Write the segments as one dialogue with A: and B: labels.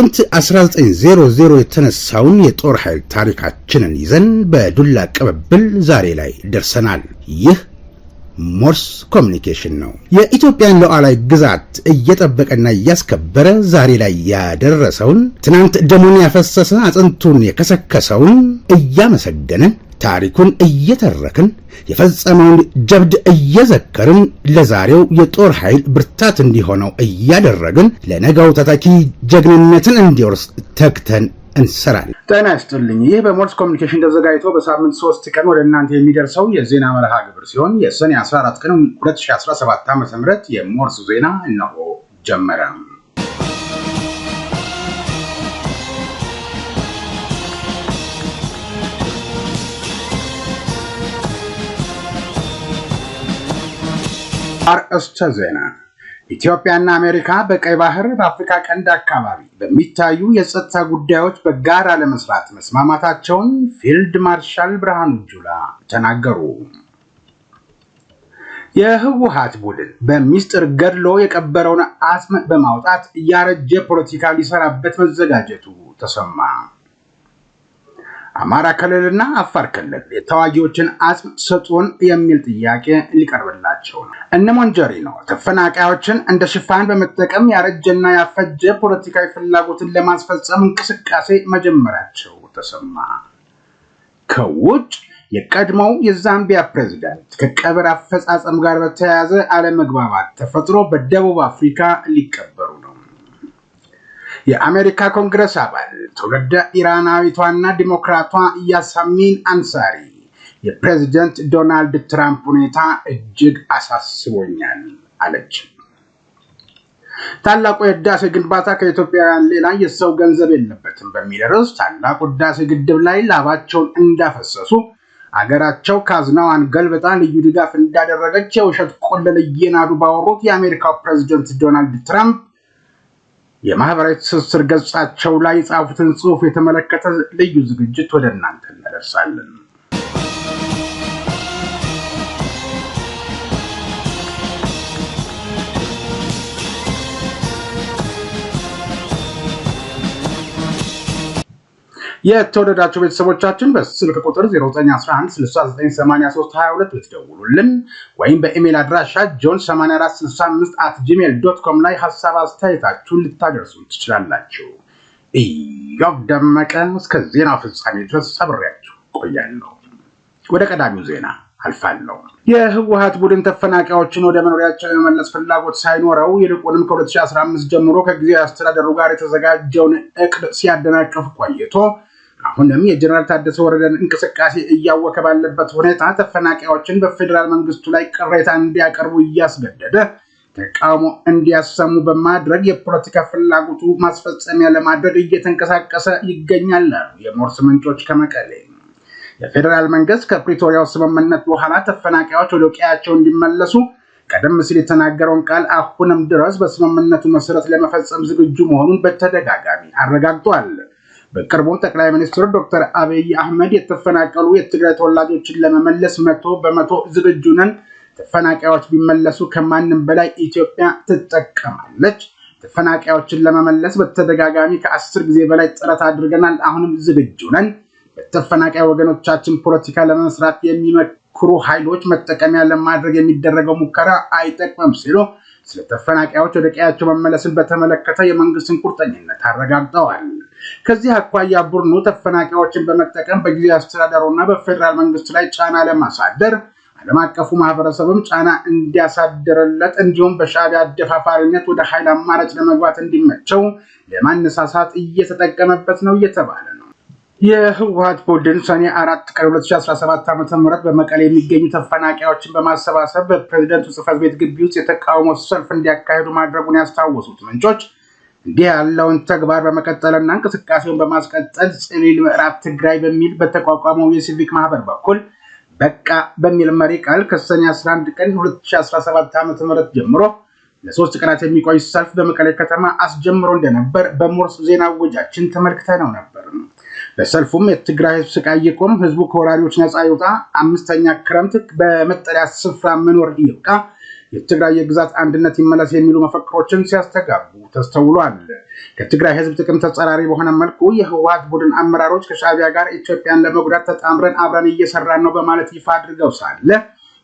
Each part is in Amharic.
A: ጥቅምት 1900 የተነሳውን የጦር ኃይል ታሪካችንን ይዘን በዱላ ቅብብል ዛሬ ላይ ደርሰናል። ይህ ሞርስ ኮሚኒኬሽን ነው። የኢትዮጵያን ሉዓላዊ ግዛት እየጠበቀና እያስከበረ ዛሬ ላይ ያደረሰውን ትናንት ደሙን ያፈሰሰ አጥንቱን የከሰከሰውን እያመሰገንን ታሪኩን እየተረክን የፈጸመውን ጀብድ እየዘከርን ለዛሬው የጦር ኃይል ብርታት እንዲሆነው እያደረግን ለነገው ተተኪ ጀግንነትን እንዲወርስ ተግተን እንሰራለን። ጤና ይስጥልኝ። ይህ በሞርስ ኮሚኒኬሽን ተዘጋጅቶ በሳምንት ሶስት ቀን ወደ እናንተ የሚደርሰው የዜና መርሃ ግብር ሲሆን የሰኔ 14 ቀን 2017 ዓ ም የሞርስ ዜና እነሆ ጀመረም። አርእስተ ዜና ኢትዮጵያና አሜሪካ በቀይ ባህር በአፍሪካ ቀንድ አካባቢ በሚታዩ የጸጥታ ጉዳዮች በጋራ ለመስራት መስማማታቸውን ፊልድ ማርሻል ብርሃኑ ጁላ ተናገሩ። የህወሀት ቡድን በሚስጥር ገድሎ የቀበረውን አጽም በማውጣት እያረጀ ፖለቲካ ሊሰራበት መዘጋጀቱ ተሰማ። አማራ ክልልና አፋር ክልል የተዋጊዎችን አጽም ስጡን የሚል ጥያቄ ሊቀርብላቸው ነው። እነ ሞንጀሪ ነው ተፈናቃዮችን እንደ ሽፋን በመጠቀም ያረጀና ያፈጀ ፖለቲካዊ ፍላጎትን ለማስፈጸም እንቅስቃሴ መጀመራቸው ተሰማ። ከውጭ የቀድሞው የዛምቢያ ፕሬዚዳንት ከቀብር አፈጻጸም ጋር በተያያዘ አለመግባባት ተፈጥሮ በደቡብ አፍሪካ ሊቀበሩ ነው። የአሜሪካ ኮንግረስ አባል ትውልደ ኢራናዊቷና ዲሞክራቷ ያሳሚን አንሳሪ የፕሬዝደንት ዶናልድ ትራምፕ ሁኔታ እጅግ አሳስቦኛል አለች። ታላቁ የህዳሴ ግንባታ ከኢትዮጵያውያን ሌላ የሰው ገንዘብ የለበትም በሚል ርዕስ ታላቁ ህዳሴ ግድብ ላይ ላባቸውን እንዳፈሰሱ አገራቸው ካዝናዋን ገልብጣ ልዩ ድጋፍ እንዳደረገች የውሸት ቆለል እየናዱ ባወሩት የአሜሪካው ፕሬዝደንት ዶናልድ ትራምፕ የማህበራዊ ትስስር ገጻቸው ላይ የጻፉትን ጽሑፍ የተመለከተ ልዩ ዝግጅት ወደ እናንተ እናደርሳለን። የተወደዳቸው ቤተሰቦቻችን በስልክ ቁጥር 0911698322 ልትደውሉልን ወይም በኢሜይል አድራሻ ጆን 8465 አት ጂሜል ዶት ኮም ላይ ሀሳብ አስተያየታችሁን ልታደርሱ ትችላላችሁ። ኢዮብ ደመቀ እስከ ዜና ፍጻሜ ድረስ አብሬያችሁ ቆያለሁ። ወደ ቀዳሚው ዜና አልፋለሁ። የህወሀት ቡድን ተፈናቃዮችን ወደ መኖሪያቸው የመመለስ ፍላጎት ሳይኖረው ይልቁንም ከ2015 ጀምሮ ከጊዜያዊ አስተዳደሩ ጋር የተዘጋጀውን እቅድ ሲያደናቅፍ ቆይቶ አሁንም የጀነራል ታደሰ ወረደን እንቅስቃሴ እያወከ ባለበት ሁኔታ ተፈናቃዮችን በፌዴራል መንግስቱ ላይ ቅሬታ እንዲያቀርቡ እያስገደደ ተቃውሞ እንዲያሰሙ በማድረግ የፖለቲካ ፍላጎቱ ማስፈጸሚያ ለማድረግ እየተንቀሳቀሰ ይገኛል አሉ የሞርስ ምንጮች ከመቀሌ። የፌዴራል መንግስት ከፕሪቶሪያው ስምምነት በኋላ ተፈናቃዮች ወደ ቀያቸው እንዲመለሱ ቀደም ሲል የተናገረውን ቃል አሁንም ድረስ በስምምነቱ መሰረት ለመፈጸም ዝግጁ መሆኑን በተደጋጋሚ አረጋግጧል። በቅርቡ ጠቅላይ ሚኒስትር ዶክተር አብይ አህመድ የተፈናቀሉ የትግራይ ተወላጆችን ለመመለስ መቶ በመቶ ዝግጁ ነን፣ ተፈናቃዮች ቢመለሱ ከማንም በላይ ኢትዮጵያ ትጠቀማለች፣ ተፈናቃዮችን ለመመለስ በተደጋጋሚ ከአስር ጊዜ በላይ ጥረት አድርገናል፣ አሁንም ዝግጁ ነን፣ በተፈናቃይ ወገኖቻችን ፖለቲካ ለመስራት የሚመክሩ ኃይሎች መጠቀሚያ ለማድረግ የሚደረገው ሙከራ አይጠቅምም ሲሉ ስለ ተፈናቃዮች ወደ ቀያቸው መመለስን በተመለከተ የመንግስትን ቁርጠኝነት አረጋግጠዋል። ከዚህ አኳያ ቡድኑ ተፈናቃዮችን በመጠቀም በጊዜ አስተዳደሩና በፌዴራል መንግስት ላይ ጫና ለማሳደር ዓለም አቀፉ ማህበረሰብም ጫና እንዲያሳድርለት እንዲሁም በሻቢያ አደፋፋሪነት ወደ ኃይል አማራጭ ለመግባት እንዲመቸው ለማነሳሳት እየተጠቀመበት ነው እየተባለ ነው። የህወሀት ቡድን ሰኔ አራት ቀን 2017 ዓ ም በመቀሌ የሚገኙ ተፈናቃዮችን በማሰባሰብ በፕሬዚደንቱ ጽህፈት ቤት ግቢ ውስጥ የተቃውሞ ሰልፍ እንዲያካሂዱ ማድረጉን ያስታወሱት ምንጮች እንዲህ ያለውን ተግባር በመቀጠልና እንቅስቃሴውን በማስቀጠል ጽሊል ምዕራብ ትግራይ በሚል በተቋቋመው የሲቪክ ማህበር በኩል በቃ በሚል መሪ ቃል ከሰኔ 11 ቀን 2017 ዓ ም ጀምሮ ለሶስት ቀናት የሚቆይ ሰልፍ በመቀሌ ከተማ አስጀምሮ እንደነበር በሞርስ ዜና ወጃችን ተመልክተ ነው ነበር። በሰልፉም የትግራይ ህዝብ ስቃይ ይቁም፣ ህዝቡ ከወራሪዎች ነፃ ይውጣ፣ አምስተኛ ክረምት በመጠለያ ስፍራ መኖር ይብቃ የትግራይ የግዛት አንድነት ይመለስ የሚሉ መፈክሮችን ሲያስተጋቡ ተስተውሏል። ከትግራይ ህዝብ ጥቅም ተጸራሪ በሆነ መልኩ የህወሀት ቡድን አመራሮች ከሻቢያ ጋር ኢትዮጵያን ለመጉዳት ተጣምረን አብረን እየሰራን ነው በማለት ይፋ አድርገው ሳለ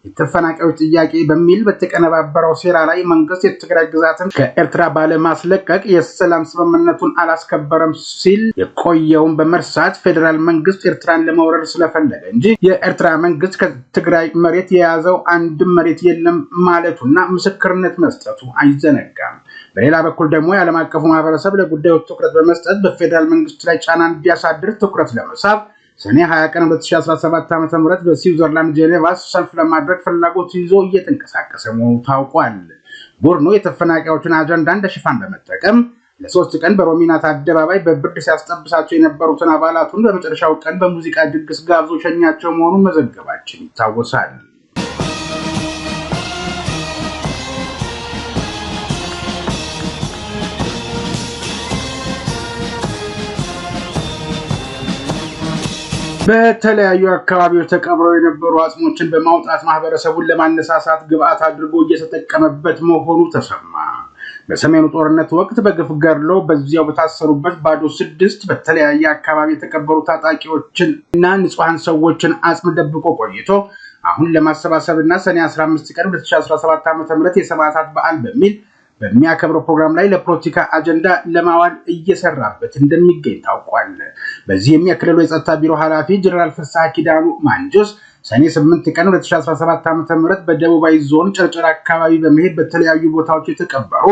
A: የተፈናቃዮች ጥያቄ በሚል በተቀነባበረው ሴራ ላይ መንግስት የትግራይ ግዛትን ከኤርትራ ባለማስለቀቅ የሰላም ስምምነቱን አላስከበረም ሲል የቆየውን በመርሳት ፌዴራል መንግስት ኤርትራን ለመውረር ስለፈለገ እንጂ የኤርትራ መንግስት ከትግራይ መሬት የያዘው አንድም መሬት የለም ማለቱና ምስክርነት መስጠቱ አይዘነጋም። በሌላ በኩል ደግሞ የዓለም አቀፉ ማህበረሰብ ለጉዳዮች ትኩረት በመስጠት በፌዴራል መንግስት ላይ ጫና እንዲያሳድር ትኩረት ለመሳብ ሰኔ 20 ቀን 2017 ዓ ም በስዊዘርላንድ ጄኔቫ ሰልፍ ለማድረግ ፍላጎት ይዞ እየተንቀሳቀሰ መሆኑ ታውቋል። ቡድኑ የተፈናቃዮቹን አጀንዳ እንደ ሽፋን በመጠቀም ለሶስት ቀን በሮሚናት አደባባይ በብርድ ሲያስጠብሳቸው የነበሩትን አባላቱን በመጨረሻው ቀን በሙዚቃ ድግስ ጋብዞ ሸኛቸው መሆኑን መዘገባችን ይታወሳል። በተለያዩ አካባቢዎች ተቀብረው የነበሩ አጽሞችን በማውጣት ማህበረሰቡን ለማነሳሳት ግብአት አድርጎ እየተጠቀመበት መሆኑ ተሰማ። በሰሜኑ ጦርነት ወቅት በግፍ ገድሎ በዚያው በታሰሩበት ባዶ ስድስት በተለያየ አካባቢ የተቀበሩ ታጣቂዎችን እና ንጹሐን ሰዎችን አጽም ደብቆ ቆይቶ አሁን ለማሰባሰብ እና ሰኔ 15 ቀን 2017 ዓ ም የሰማዕታት በዓል በሚል በሚያከብረው ፕሮግራም ላይ ለፖለቲካ አጀንዳ ለማዋል እየሰራበት እንደሚገኝ ታውቋል። በዚህም የክልሉ የጸጥታ ቢሮ ኃላፊ ጀነራል ፍስሐ ኪዳኑ ማንጆስ ሰኔ 8 ቀን 2017 ዓ ም በደቡባዊ ዞን ጨርጨር አካባቢ በመሄድ በተለያዩ ቦታዎች የተቀበሩ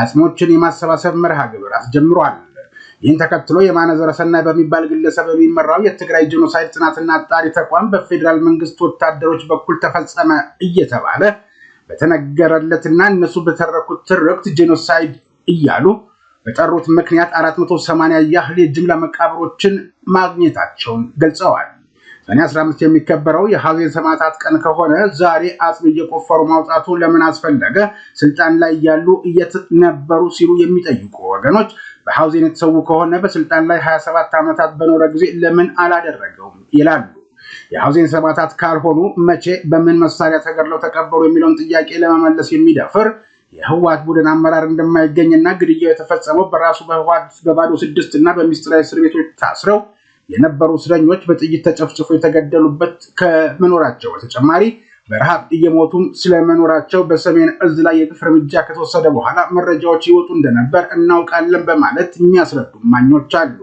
A: አጽሞችን የማሰባሰብ መርሃ ግብር አስጀምሯል። ይህን ተከትሎ የማነዘረሰና በሚባል ግለሰብ የሚመራው የትግራይ ጄኖሳይድ ጥናትና አጣሪ ተቋም በፌዴራል መንግስት ወታደሮች በኩል ተፈጸመ እየተባለ በተነገረለትና እነሱ በተረኩት ትርክት ጄኖሳይድ እያሉ በጠሩት ምክንያት 480 ያህል የጅምላ መቃብሮችን ማግኘታቸውን ገልጸዋል። ሰኔ 15 የሚከበረው የሐዘን ሰማዕታት ቀን ከሆነ ዛሬ አጽም እየቆፈሩ ማውጣቱ ለምን አስፈለገ? ስልጣን ላይ ያሉ እየት ነበሩ ሲሉ የሚጠይቁ ወገኖች በሐዘን የተሰዉ ከሆነ በስልጣን ላይ 27 ዓመታት በኖረ ጊዜ ለምን አላደረገውም ይላሉ። የሐዘን ሰማዕታት ካልሆኑ መቼ፣ በምን መሳሪያ ተገድለው ተቀበሩ የሚለውን ጥያቄ ለመመለስ የሚደፍር የህወሓት ቡድን አመራር እንደማይገኝና ግድያው የተፈጸመው በራሱ በህወሓት በባዶ ስድስት እና በሚስጥራዊ እስር ቤቶች ታስረው የነበሩ እስረኞች በጥይት ተጨፍጭፎ የተገደሉበት ከመኖራቸው በተጨማሪ በረሃብ እየሞቱም ስለመኖራቸው በሰሜን እዝ ላይ የጥፍ እርምጃ ከተወሰደ በኋላ መረጃዎች ይወጡ እንደነበር እናውቃለን በማለት የሚያስረዱ ማኞች አሉ።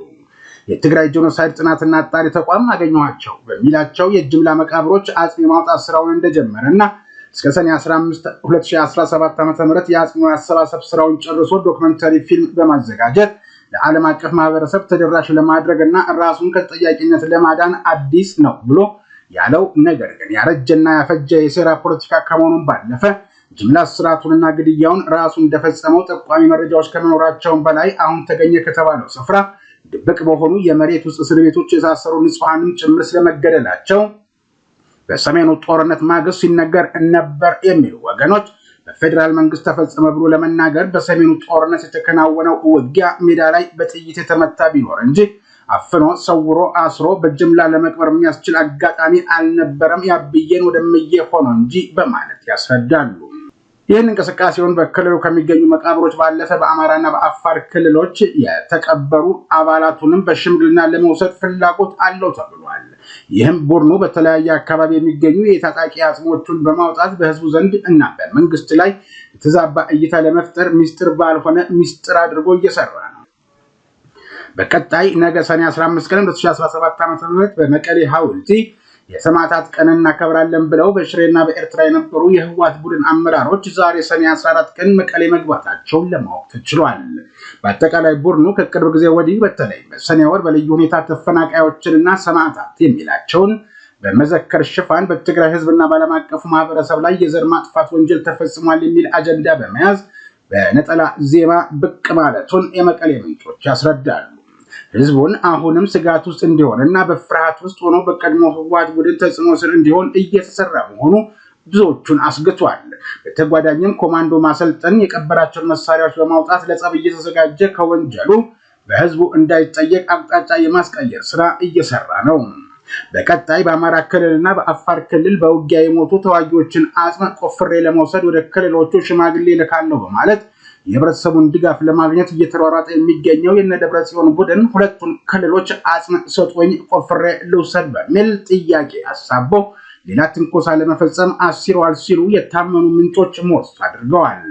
A: የትግራይ ጄኖሳይድ ጥናትና አጣሪ ተቋም አገኘኋቸው በሚላቸው የጅምላ መቃብሮች አጽሜ ማውጣት ስራውን እንደጀመረ እና እስከ ሰኔ 15 2017 ዓ ም የአጽሞ አሰባሰብ ስራውን ጨርሶ ዶክመንተሪ ፊልም በማዘጋጀት ለዓለም አቀፍ ማህበረሰብ ተደራሽ ለማድረግ እና ራሱን ከተጠያቂነት ለማዳን አዲስ ነው ብሎ ያለው ነገር ግን ያረጀና ያፈጀ የሴራ ፖለቲካ ከመሆኑን ባለፈ ጅምላ ስርዓቱንና ግድያውን ራሱ እንደፈጸመው ጠቋሚ መረጃዎች ከመኖራቸውን በላይ አሁን ተገኘ ከተባለው ስፍራ ድብቅ በሆኑ የመሬት ውስጥ እስር ቤቶች የታሰሩ ንጹሐንም ጭምር ስለመገደላቸው በሰሜኑ ጦርነት ማግስት ሲነገር ነበር የሚሉ ወገኖች በፌዴራል መንግስት ተፈጸመ ብሎ ለመናገር በሰሜኑ ጦርነት የተከናወነው ውጊያ ሜዳ ላይ በጥይት የተመታ ቢኖር እንጂ አፍኖ ሰውሮ አስሮ በጅምላ ለመቅበር የሚያስችል አጋጣሚ አልነበረም፣ ያብዬን ወደምዬ ሆኖ እንጂ በማለት ያስረዳሉ። ይህን እንቅስቃሴውን በክልሉ ከሚገኙ መቃብሮች ባለፈ በአማራና በአፋር ክልሎች የተቀበሩ አባላቱንም በሽምግልና ለመውሰድ ፍላጎት አለው ተብሏል። ይህም ቡድኑ በተለያየ አካባቢ የሚገኙ የታጣቂ አጽሞቹን በማውጣት በህዝቡ ዘንድ እና በመንግስት ላይ የተዛባ እይታ ለመፍጠር ሚስጥር ባልሆነ ሚስጥር አድርጎ እየሰራ ነው። በቀጣይ ነገ ሰኔ 15 ቀን 2017 ም በመቀሌ ሐውልቲ የሰማዕታት ቀን እናከብራለን ብለው በሽሬና በኤርትራ የነበሩ የህዋት ቡድን አመራሮች ዛሬ ሰኔ 14 ቀን መቀሌ መግባታቸውን ለማወቅ ተችሏል። በአጠቃላይ ቡድኑ ከቅርብ ጊዜ ወዲህ በተለይ በሰኔ ወር በልዩ ሁኔታ ተፈናቃዮችንና ሰማዕታት የሚላቸውን በመዘከር ሽፋን በትግራይ ህዝብና በዓለም አቀፉ ማህበረሰብ ላይ የዘር ማጥፋት ወንጀል ተፈጽሟል የሚል አጀንዳ በመያዝ በነጠላ ዜማ ብቅ ማለቱን የመቀሌ ምንጮች ያስረዳሉ። ህዝቡን አሁንም ስጋት ውስጥ እንዲሆን እና በፍርሃት ውስጥ ሆኖ በቀድሞ ህወሓት ቡድን ተጽዕኖ ስር እንዲሆን እየተሰራ መሆኑ ብዙዎቹን አስግቷል። በተጓዳኝም ኮማንዶ ማሰልጠን፣ የቀበራቸውን መሳሪያዎች በማውጣት ለጸብ እየተዘጋጀ ከወንጀሉ በህዝቡ እንዳይጠየቅ አቅጣጫ የማስቀየር ስራ እየሰራ ነው። በቀጣይ በአማራ ክልልና በአፋር ክልል በውጊያ የሞቱ ተዋጊዎችን አጽም ቆፍሬ ለመውሰድ ወደ ክልሎቹ ሽማግሌ ልካለሁ በማለት የህብረተሰቡን ድጋፍ ለማግኘት እየተሯሯጠ የሚገኘው የነደብረ ጽዮን ቡድን ሁለቱን ክልሎች አጽም ስጡኝ ቆፍሬ ልውሰድ በሚል ጥያቄ አሳቦ ሌላ ትንኮሳ ለመፈጸም አሲረዋል ሲሉ የታመኑ ምንጮች ሞት አድርገዋል።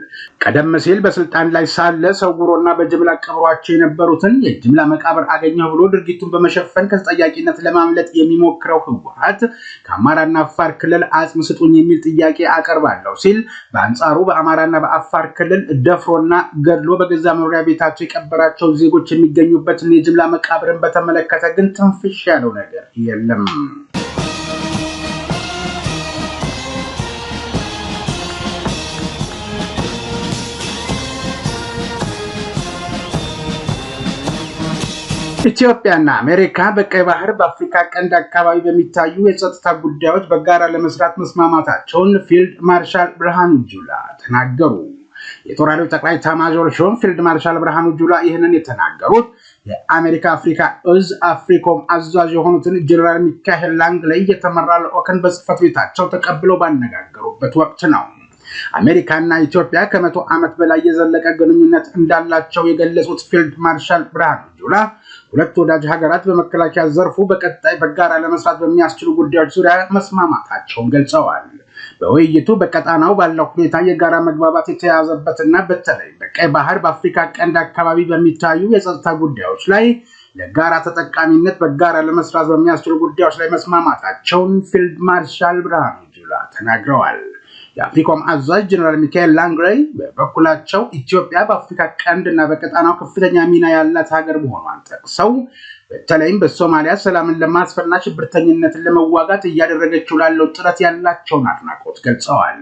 A: ቀደም ሲል በስልጣን ላይ ሳለ ሰውሮና በጅምላ ቀብሯቸው የነበሩትን የጅምላ መቃብር አገኘሁ ብሎ ድርጊቱን በመሸፈን ከተጠያቂነት ለማምለጥ የሚሞክረው ህወሓት ከአማራና አፋር ክልል አጽም ስጡኝ የሚል ጥያቄ አቀርባለሁ ሲል፣ በአንጻሩ በአማራና በአፋር ክልል ደፍሮና ገድሎ በገዛ መኖሪያ ቤታቸው የቀበራቸው ዜጎች የሚገኙበትን የጅምላ መቃብርን በተመለከተ ግን ትንፍሽ ያለው ነገር የለም። ኢትዮጵያና አሜሪካ በቀይ ባህር በአፍሪካ ቀንድ አካባቢ በሚታዩ የጸጥታ ጉዳዮች በጋራ ለመስራት መስማማታቸውን ፊልድ ማርሻል ብርሃኑ ጁላ ተናገሩ። የጦር ኃይሎች ጠቅላይ ኤታማዦር ሹም ፊልድ ማርሻል ብርሃኑ ጁላ ይህንን የተናገሩት የአሜሪካ አፍሪካ እዝ አፍሪኮም አዛዥ የሆኑትን ጀኔራል ሚካኤል ላይ የተመራ ልዑክን በጽህፈት ቤታቸው ተቀብለው ባነጋገሩበት ወቅት ነው። አሜሪካና ኢትዮጵያ ከመቶ ዓመት በላይ የዘለቀ ግንኙነት እንዳላቸው የገለጹት ፊልድ ማርሻል ብርሃኑ ጁላ ሁለት ወዳጅ ሀገራት በመከላከያ ዘርፉ በቀጣይ በጋራ ለመስራት በሚያስችሉ ጉዳዮች ዙሪያ መስማማታቸውን ገልጸዋል። በውይይቱ በቀጣናው ባለው ሁኔታ የጋራ መግባባት የተያዘበትና በተለይ በቀይ ባህር በአፍሪካ ቀንድ አካባቢ በሚታዩ የጸጥታ ጉዳዮች ላይ ለጋራ ተጠቃሚነት በጋራ ለመስራት በሚያስችሉ ጉዳዮች ላይ መስማማታቸውን ፊልድ ማርሻል ብርሃኑ ጁላ ተናግረዋል። የአፍሪካም አዛዥ ጀኔራል ሚካኤል ላንግሬይ በበኩላቸው ኢትዮጵያ በአፍሪካ ቀንድ እና በቀጣናው ከፍተኛ ሚና ያላት ሀገር መሆኗን ጠቅሰው በተለይም በሶማሊያ ሰላምን ለማስፈርና ሽብርተኝነትን ለመዋጋት እያደረገችው ላለው ጥረት ያላቸውን አድናቆት ገልጸዋል።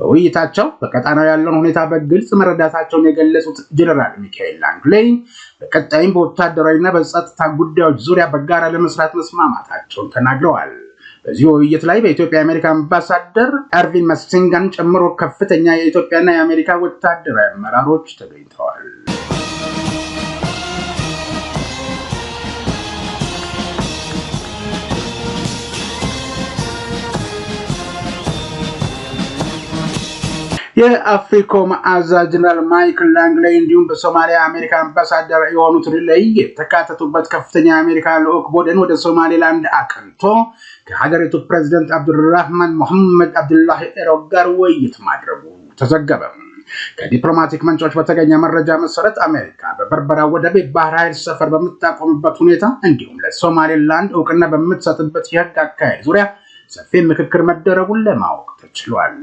A: በውይይታቸው በቀጣናው ያለውን ሁኔታ በግልጽ መረዳታቸውን የገለጹት ጀኔራል ሚካኤል ላንግሌይ በቀጣይም በወታደራዊና በጸጥታ ጉዳዮች ዙሪያ በጋራ ለመስራት መስማማታቸውን ተናግረዋል። በዚህ ውይይት ላይ በኢትዮጵያ የአሜሪካ አምባሳደር አርቪን መስሲንጋን ጨምሮ ከፍተኛ የኢትዮጵያና የአሜሪካ ወታደራዊ አመራሮች ተገኝተዋል። የአፍሪኮም አዛዥ ጀነራል ማይክል ላንግላይ እንዲሁም በሶማሊያ አሜሪካ አምባሳደር የሆኑት ሪሌይ የተካተቱበት ከፍተኛ የአሜሪካ ልዑክ ቡድን ወደ ሶማሌላንድ አቅንቶ ከሀገሪቱ ፕሬዚደንት አብዱራህማን ሞሐመድ አብዱላሂ ኤሮ ጋር ውይይት ማድረጉ ተዘገበ። ከዲፕሎማቲክ ምንጮች በተገኘ መረጃ መሰረት አሜሪካ በበርበራ ወደብ የባህር ኃይል ሰፈር በምታቆምበት ሁኔታ እንዲሁም ለሶማሌላንድ እውቅና በምትሰጥበት የህግ አካሄድ ዙሪያ ሰፊ ምክክር መደረጉን ለማወቅ ተችሏል።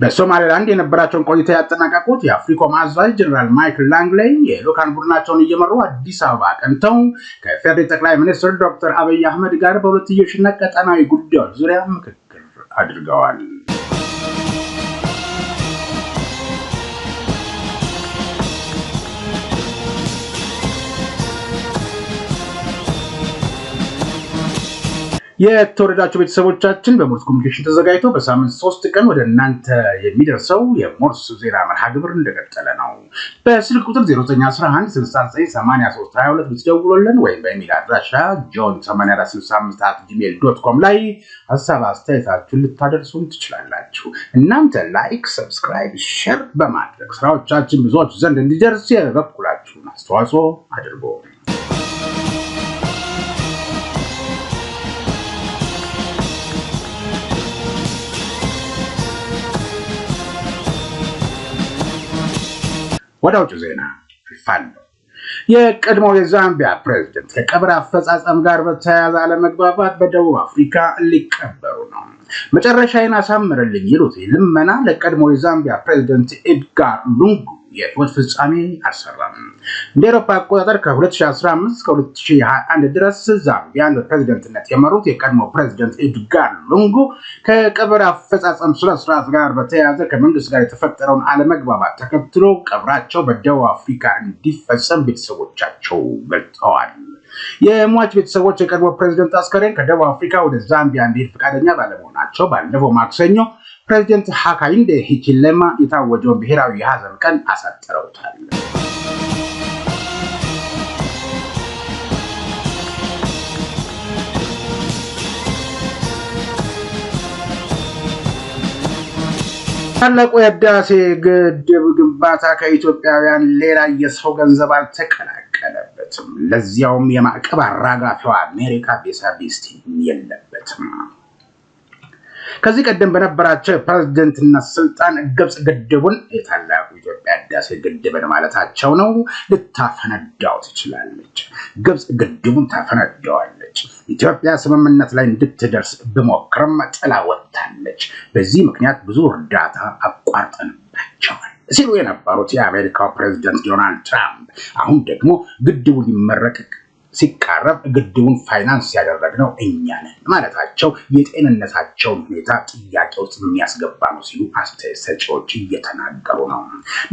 A: በሶማሌላንድ የነበራቸውን ቆይታ ያጠናቀቁት የአፍሪኮም አዛዥ ጀኔራል ማይክል ላንግሌይ የልዑካን ቡድናቸውን እየመሩ አዲስ አበባ ቀንተው ከኢፌዴሪ ጠቅላይ ሚኒስትር ዶክተር አብይ አህመድ ጋር በሁለትዮሽና ቀጠናዊ ጉዳዮች ዙሪያ ምክክር አድርገዋል። የተወደዳቸው ቤተሰቦቻችን በሞርስ ኮሚኒኬሽን ተዘጋጅቶ በሳምንት ሶስት ቀን ወደ እናንተ የሚደርሰው የሞርስ ዜና መርሃ ግብር እንደቀጠለ ነው። በስልክ ቁጥር 0911 6982 ብትደውሉልን ወይም በኢሜል አድራሻ ጆን 8465 ጂሜል ዶት ኮም ላይ ሀሳብ አስተያየታችሁን ልታደርሱን ትችላላችሁ። እናንተ ላይክ፣ ሰብስክራይብ፣ ሸር በማድረግ ስራዎቻችን ብዙዎች ዘንድ እንዲደርስ የበኩላችሁን አስተዋጽኦ አድርጎ ወደ ውጭ ዜና አልፋለሁ። የቀድሞው የዛምቢያ ፕሬዚደንት ከቀብር አፈጻጸም ጋር በተያያዘ አለመግባባት በደቡብ አፍሪካ ሊቀበሩ ነው። መጨረሻዬን አሳምርልኝ ይሉት ልመና ለቀድሞው የዛምቢያ ፕሬዚደንት ኤድጋር ሉንጉ የግጭት ፍጻሜ አልሰራም። እንደ አቆጣጠር ከ2015 እስከ 2021 ድረስ ዛምቢያን በፕሬዝደንትነት የመሩት የቀድሞ ፕሬዝደንት ኤድጋር ሉንጉ ከቀብር አፈጻጸም ስነስርዓት ጋር በተያያዘ ከመንግስት ጋር የተፈጠረውን አለመግባባት ተከትሎ ቀብራቸው በደቡብ አፍሪካ እንዲፈጸም ቤተሰቦቻቸው ገልጠዋል። የሟች ቤተሰቦች የቀድሞ ፕሬዝደንት አስከሬን ከደቡብ አፍሪካ ወደ ዛምቢያ እንዲሄድ ፈቃደኛ ባለመሆናቸው ባለፈው ማክሰኞ ፕሬዚደንት ሀካይንዴ ሂኪለማ የታወጀውን ብሔራዊ የሀዘን ቀን አሳጥረውታል። ታላቁ የህዳሴ ግድብ ግንባታ ከኢትዮጵያውያን ሌላ የሰው ገንዘብ አልተቀላቀለበትም። ለዚያውም የማዕቀብ አራጋፊዋ አሜሪካ ቤሳቤስቲ የለበትም። ከዚህ ቀደም በነበራቸው የፕሬዝደንትነት ስልጣን ግብፅ ግድቡን የታላቁ ኢትዮጵያ ህዳሴ ግድብን ማለታቸው ነው ልታፈነዳው ትችላለች። ግብፅ ግድቡን ታፈነዳዋለች። ኢትዮጵያ ስምምነት ላይ እንድትደርስ ብሞክርም ጥላ ወጥታለች። በዚህ ምክንያት ብዙ እርዳታ አቋርጠንባቸዋል ሲሉ የነበሩት የአሜሪካው ፕሬዝደንት ዶናልድ ትራምፕ አሁን ደግሞ ግድቡ ሊመረቅ ሲቃረብ ግድቡን ፋይናንስ ያደረግነው እኛ ነን ማለታቸው የጤንነታቸውን ሁኔታ ጥያቄ ውስጥ የሚያስገባ ነው ሲሉ አስተያየት ሰጪዎች እየተናገሩ ነው።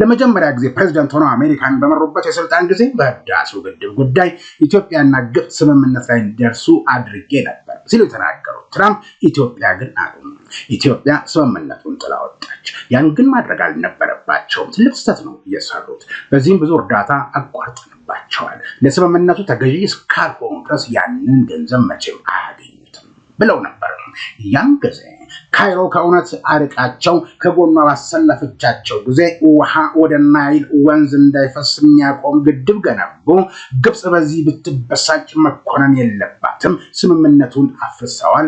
A: ለመጀመሪያ ጊዜ ፕሬዚደንት ሆነው አሜሪካን በመሩበት የስልጣን ጊዜ በህዳሴ ግድብ ጉዳይ ኢትዮጵያና ግብፅ ስምምነት ላይ እንዲደርሱ አድርጌ ነበር ሲሉ የተናገሩት ትራምፕ ኢትዮጵያ ግን አሉ። ኢትዮጵያ ስምምነቱን ጥላ ወጣች። ያን ግን ማድረግ አልነበረባቸውም። ትልቅ ስህተት ነው እየሰሩት። በዚህም ብዙ እርዳታ ነበር ይኖርባቸዋል። ለስምምነቱ ተገዢ እስካልሆኑ ድረስ ያንን ገንዘብ መቼም አያገኙትም ብለው ነበር። ያን ጊዜ ካይሮ ከእውነት አርቃቸው ከጎኗ ባሰለፈቻቸው ጊዜ ውሃ ወደ ናይል ወንዝ እንዳይፈስ የሚያቆም ግድብ ገነቡ። ግብፅ በዚህ ብትበሳጭ መኮነን የለባትም። ስምምነቱን አፍርሰዋል።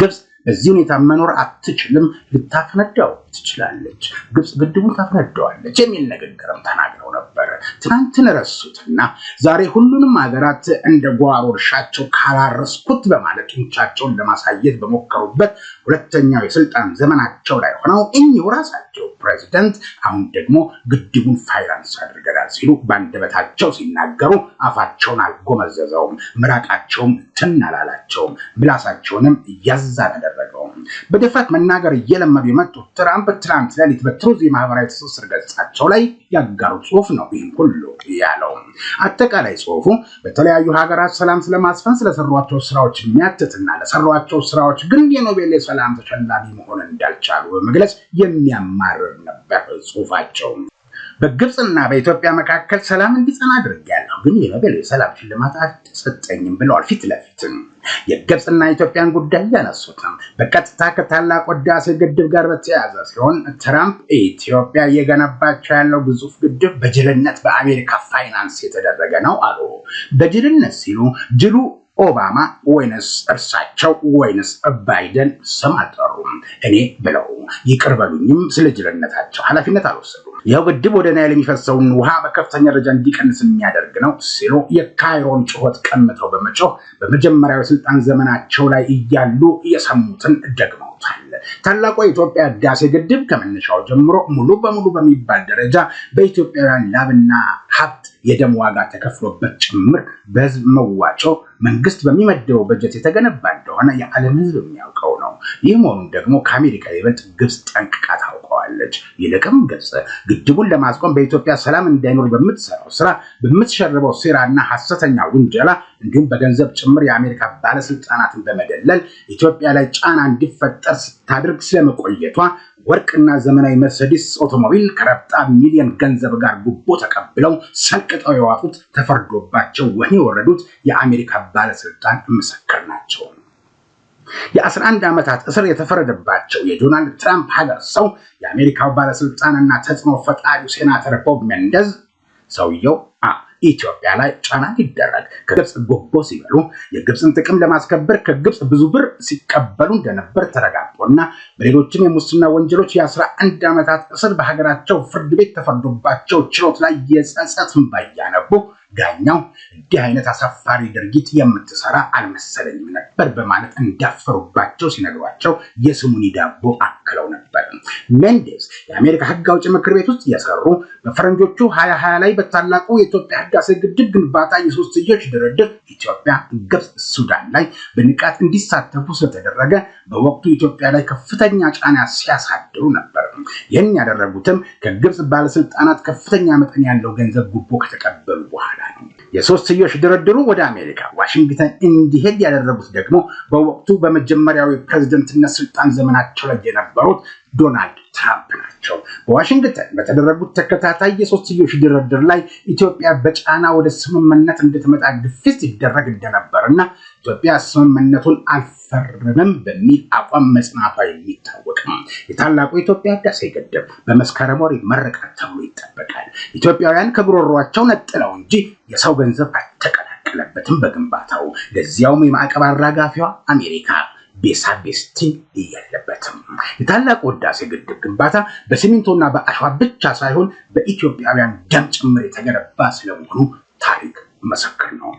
A: ግብፅ በዚህ ሁኔታ መኖር አትችልም፣ ልታፍነዳው ትችላለች፣ ግብፅ ግድቡን ታፍነዳዋለች የሚል ንግግርም ተናግረው ነበር። ትናንትን ረሱትና ዛሬ ሁሉንም ሀገራት እንደ ጓሮ እርሻቸው ካላረስኩት በማለት ጡንቻቸውን ለማሳየት በሞከሩበት ሁለተኛው የስልጣን ዘመናቸው ላይ ሆነው እኚሁ ራሳቸው ፕሬዚደንት አሁን ደግሞ ግድቡን ፋይናንስ አድርገናል ሲሉ በአንደበታቸው ሲናገሩ አፋቸውን አልጎመዘዘውም፣ ምራቃቸውም ትን አላላቸውም፣ ምላሳቸውንም እያዛነደ አደረገው። በድፍረት መናገር እየለመዱ የመጡት ትራምፕ ትናንት ሌሊት በትሩዝ የማህበራዊ ትስስር ገጻቸው ላይ ያጋሩ ጽሁፍ ነው ይህም ሁሉ ያለው። አጠቃላይ ጽሁፉ በተለያዩ ሀገራት ሰላም ስለማስፈን ስለሰሯቸው ስራዎች የሚያትትና ለሰሯቸው ስራዎች ግን የኖቤል የሰላም ተሸላሚ መሆን እንዳልቻሉ በመግለጽ የሚያማርር ነበር ጽሁፋቸው። በግብፅና በኢትዮጵያ መካከል ሰላም እንዲጸና አድርጌያለሁ፣ ግን የኖቤል የሰላም ሽልማት አልተሰጠኝም ብለዋል ፊት ለፊትም የግብፅና ኢትዮጵያን ጉዳይ ያነሱት በቀጥታ ከታላቅ ህዳሴ ግድብ ጋር በተያያዘ ሲሆን ትራምፕ ኢትዮጵያ እየገነባቸው ያለው ግዙፍ ግድብ በጅልነት በአሜሪካ ፋይናንስ የተደረገ ነው አሉ። በጅልነት ሲሉ ጅሉ ኦባማ ወይንስ እርሳቸው ወይንስ ባይደን ስም አልጠሩም። እኔ ብለው ይቅርበሉኝም ስለ ጅልነታቸው ኃላፊነት አልወሰዱም። ይህ ግድብ ወደ ናይል የሚፈሰውን ውሃ በከፍተኛ ደረጃ እንዲቀንስ የሚያደርግ ነው ሲሉ የካይሮን ጩኸት ቀምተው በመጮህ በመጀመሪያው የስልጣን ዘመናቸው ላይ እያሉ የሰሙትን ደግመውታል። ታላቁ የኢትዮጵያ ህዳሴ ግድብ ከመነሻው ጀምሮ ሙሉ በሙሉ በሚባል ደረጃ በኢትዮጵያውያን ላብና ሀብት የደም ዋጋ ተከፍሎበት ጭምር በህዝብ መዋጮ መንግስት በሚመደበው በጀት የተገነባ እንደሆነ የዓለም ህዝብ የሚያውቀው ነው። ይህ መሆኑን ደግሞ ከአሜሪካ ይበልጥ ግብፅ ጠንቅቃታል። ታውቀዋለች። ይልቅም ግብፅ ግድቡን ለማስቆም በኢትዮጵያ ሰላም እንዳይኖር በምትሰራው ስራ፣ በምትሸርበው ሴራና ሐሰተኛ ውንጀላ እንዲሁም በገንዘብ ጭምር የአሜሪካ ባለስልጣናትን በመደለል ኢትዮጵያ ላይ ጫና እንዲፈጠር ስታደርግ ስለመቆየቷ ወርቅና ዘመናዊ መርሰዲስ ኦቶሞቢል ከረብጣ ሚሊዮን ገንዘብ ጋር ጉቦ ተቀብለው ሰንቅጠው የዋጡት ተፈርዶባቸው ወህኒ የወረዱት የአሜሪካ ባለስልጣን ምስክር ናቸው። የ11 ዓመታት እስር የተፈረደባቸው የዶናልድ ትራምፕ ሀገር ሰው የአሜሪካው ባለስልጣንና ተጽዕኖ ፈጣሪው ሴናተር ቦብ ሜንደዝ ሰውየው ኢትዮጵያ ላይ ጫና ይደረግ፣ ከግብፅ ቦቦ ሲበሉ የግብፅን ጥቅም ለማስከበር ከግብፅ ብዙ ብር ሲቀበሉ እንደነበር እና በሌሎችም የሙስና ወንጀሎች የ11 ዓመታት እስር በሀገራቸው ፍርድ ቤት ተፈርዶባቸው ችሎት ላይ የጸጸት እንባ እያነቡ ዳኛው እንዲህ አይነት አሳፋሪ ድርጊት የምትሰራ አልመሰለኝም ነበር በማለት እንዳፈሩባቸው ሲነግሯቸው የስሙኒ ዳቦ አክለው ነበር። ሜንዴዝ የአሜሪካ ሕግ አውጭ ምክር ቤት ውስጥ የሰሩ በፈረንጆቹ ሀያ ሀያ ላይ በታላቁ የኢትዮጵያ ህዳሴ ግድብ ግንባታ የሶስትዮሽ ድርድር ኢትዮጵያ፣ ግብፅ፣ ሱዳን ላይ በንቃት እንዲሳተፉ ስለተደረገ በወቅቱ ኢትዮጵያ ላይ ከፍተኛ ጫና ሲያሳድሩ ነበር። ይህን ያደረጉትም ከግብፅ ባለስልጣናት ከፍተኛ መጠን ያለው ገንዘብ ጉቦ ከተቀበሉ በኋላ የሶስትዮሽ ድርድሩ ወደ አሜሪካ ዋሽንግተን እንዲሄድ ያደረጉት ደግሞ በወቅቱ በመጀመሪያዊ ፕሬዝደንትነት ስልጣን ዘመናቸው ላይ የነበሩት ዶናልድ ትራምፕ ናቸው። በዋሽንግተን በተደረጉት ተከታታይ የሶስትዮሽ ድርድር ላይ ኢትዮጵያ በጫና ወደ ስምምነት እንድትመጣ ግፊት ይደረግ እንደነበር እና ኢትዮጵያ ስምምነቱን አልፈርምም በሚል አቋም መጽናቷ የሚታወቅ ነው። የታላቁ የኢትዮጵያ ህዳሴ ግድብ በመስከረም ወር ይመረቃል ተብሎ ይጠበቃል። ኢትዮጵያውያን ከጉሮሯቸው ነጥለው እንጂ የሰው ገንዘብ አልተቀላቀለበትም በግንባታው ለዚያውም የማዕቀብ አራጋፊዋ አሜሪካ ቤሳቤስቲ እያለበት የለበትም። የታላቁ ህዳሴ ግድብ ግንባታ በሲሚንቶና በአሸዋ ብቻ ሳይሆን በኢትዮጵያውያን ደም ጭምር የተገነባ ስለመሆኑ ታሪክ ምስክር ነው።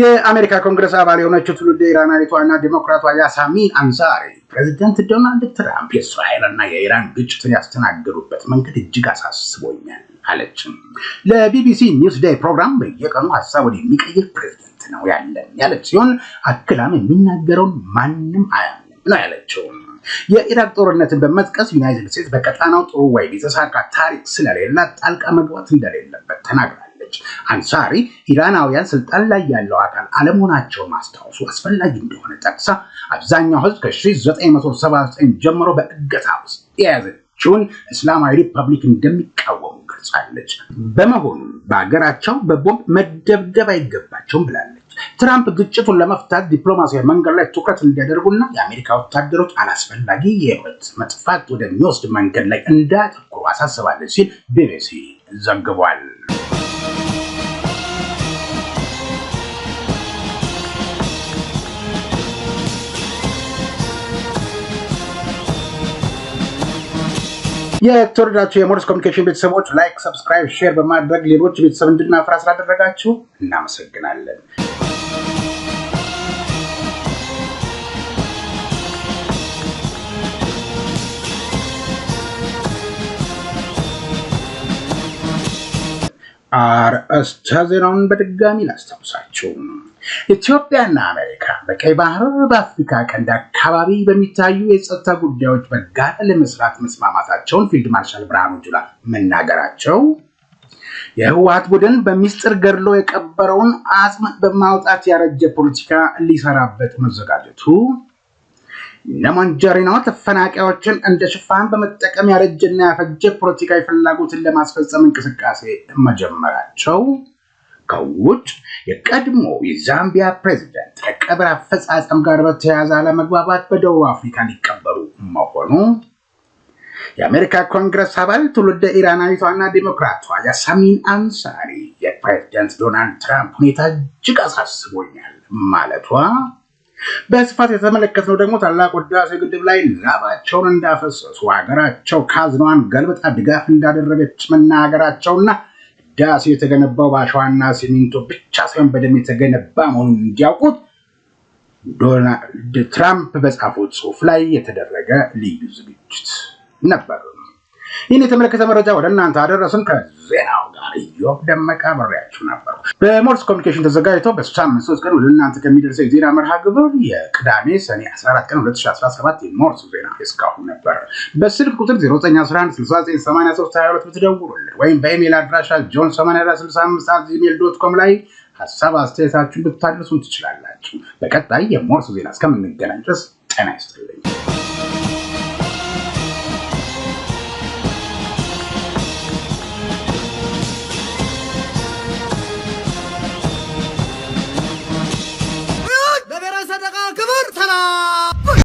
A: የአሜሪካ ኮንግረስ አባል የሆነችው ትውልደ ኢራናዊቷና ዲሞክራቷ ያሳሚ አንሳሪ ፕሬዚደንት ዶናልድ ትራምፕ የእስራኤልና የኢራን ግጭትን ያስተናገዱበት መንገድ እጅግ አሳስቦኛል አለችም። ለቢቢሲ ኒውስ ዴይ ፕሮግራም በየቀኑ ሀሳብ ወደ የሚቀይር ፕሬዚደንት ነው ያለን ያለች ሲሆን አክላም የሚናገረውን ማንም አያምንም ነው ያለችው። የኢራቅ ጦርነትን በመጥቀስ ዩናይትድ ስቴትስ በቀጣናው ጥሩ ወይም የተሳካ ታሪክ ስለሌላት ጣልቃ መግባት እንደሌለበት ተናግራል። አስታውሳለች። አንሳሪ ኢራናውያን ስልጣን ላይ ያለው አካል አለመሆናቸውን ማስታወሱ አስፈላጊ እንደሆነ ጠቅሳ አብዛኛው ህዝብ ከ1979 ጀምሮ በእገታ ውስጥ የያዘችውን እስላማዊ ሪፐብሊክ እንደሚቃወሙ ገልጻለች። በመሆኑም በሀገራቸው በቦምብ መደብደብ አይገባቸውም ብላለች። ትራምፕ ግጭቱን ለመፍታት ዲፕሎማሲያዊ መንገድ ላይ ትኩረት እንዲያደርጉና የአሜሪካ ወታደሮች አላስፈላጊ የህይወት መጥፋት ወደሚወስድ መንገድ ላይ እንዳያተኩሩ አሳስባለች ሲል ቢቢሲ ዘግቧል። የተወደዳችሁ የሞርስ ኮሚኒኬሽን ቤተሰቦች ላይክ፣ ሰብስክራይብ፣ ሼር በማድረግ ሌሎች ቤተሰብ እንድናፈራ ስላደረጋችሁ እናመሰግናለን። አርእስተ ዜናውን በድጋሚ ላስታውሳችሁ። ኢትዮጵያና አሜሪካ በቀይ ባህር በአፍሪካ ቀንድ አካባቢ በሚታዩ የጸጥታ ጉዳዮች በጋራ ለመስራት መስማማታቸውን ፊልድ ማርሻል ብርሃኑ ጁላ መናገራቸው የህወሀት ቡድን በሚስጥር ገድሎ የቀበረውን አጽም በማውጣት ያረጀ ፖለቲካ ሊሰራበት መዘጋጀቱ ለማንጀሪና ተፈናቃዮችን እንደ ሽፋን በመጠቀም ያረጀና ያፈጀ ፖለቲካዊ ፍላጎትን ለማስፈጸም እንቅስቃሴ መጀመራቸው ከውጭ የቀድሞ የዛምቢያ ፕሬዚደንት ከቀብር አፈጻጸም ጋር በተያያዘ አለመግባባት በደቡብ አፍሪካ ሊቀበሩ መሆኑ የአሜሪካ ኮንግረስ አባል ትውልደ ኢራናዊቷና ዴሞክራቷ ያሳሚን አንሳሪ የፕሬዚደንት ዶናልድ ትራምፕ ሁኔታ እጅግ አሳስቦኛል ማለቷ በስፋት የተመለከትነው ደግሞ ታላቁ ህዳሴ ግድብ ላይ ላባቸውን እንዳፈሰሱ ሀገራቸው ካዝናዋን ገልብጣ ድጋፍ እንዳደረገች መናገራቸውና ህዳሴ የተገነባው በአሸዋና ሲሚንቶ ብቻ ሳይሆን በደም የተገነባ መሆኑን እንዲያውቁት ዶናልድ ትራምፕ በጻፉት ጽሁፍ ላይ የተደረገ ልዩ ዝግጅት ነበር። ይህን የተመለከተ መረጃ ወደ እናንተ አደረስን። ከዜናው ጋር እዮብ ደመቀ አብሬያችሁ ነበርኩ። በሞርስ ኮሚኒኬሽን ተዘጋጅቶ በሳምንት ሶስት ቀን ወደ እናንተ ከሚደርሰው የዜና መርሃ ግብር የቅዳሜ ሰኔ 14 ቀን 2017 የሞርስ ዜና እስካሁን ነበር። በስልክ ቁጥር 0911698322 ብትደውሉልን ወይም በኢሜል አድራሻ ጆን 8465 ጂሜል ዶት ኮም ላይ ሀሳብ አስተያየታችሁን ብታደርሱን ትችላላችሁ። በቀጣይ የሞርስ ዜና እስከምንገናኝ ድረስ ጤና ይስጥልኝ።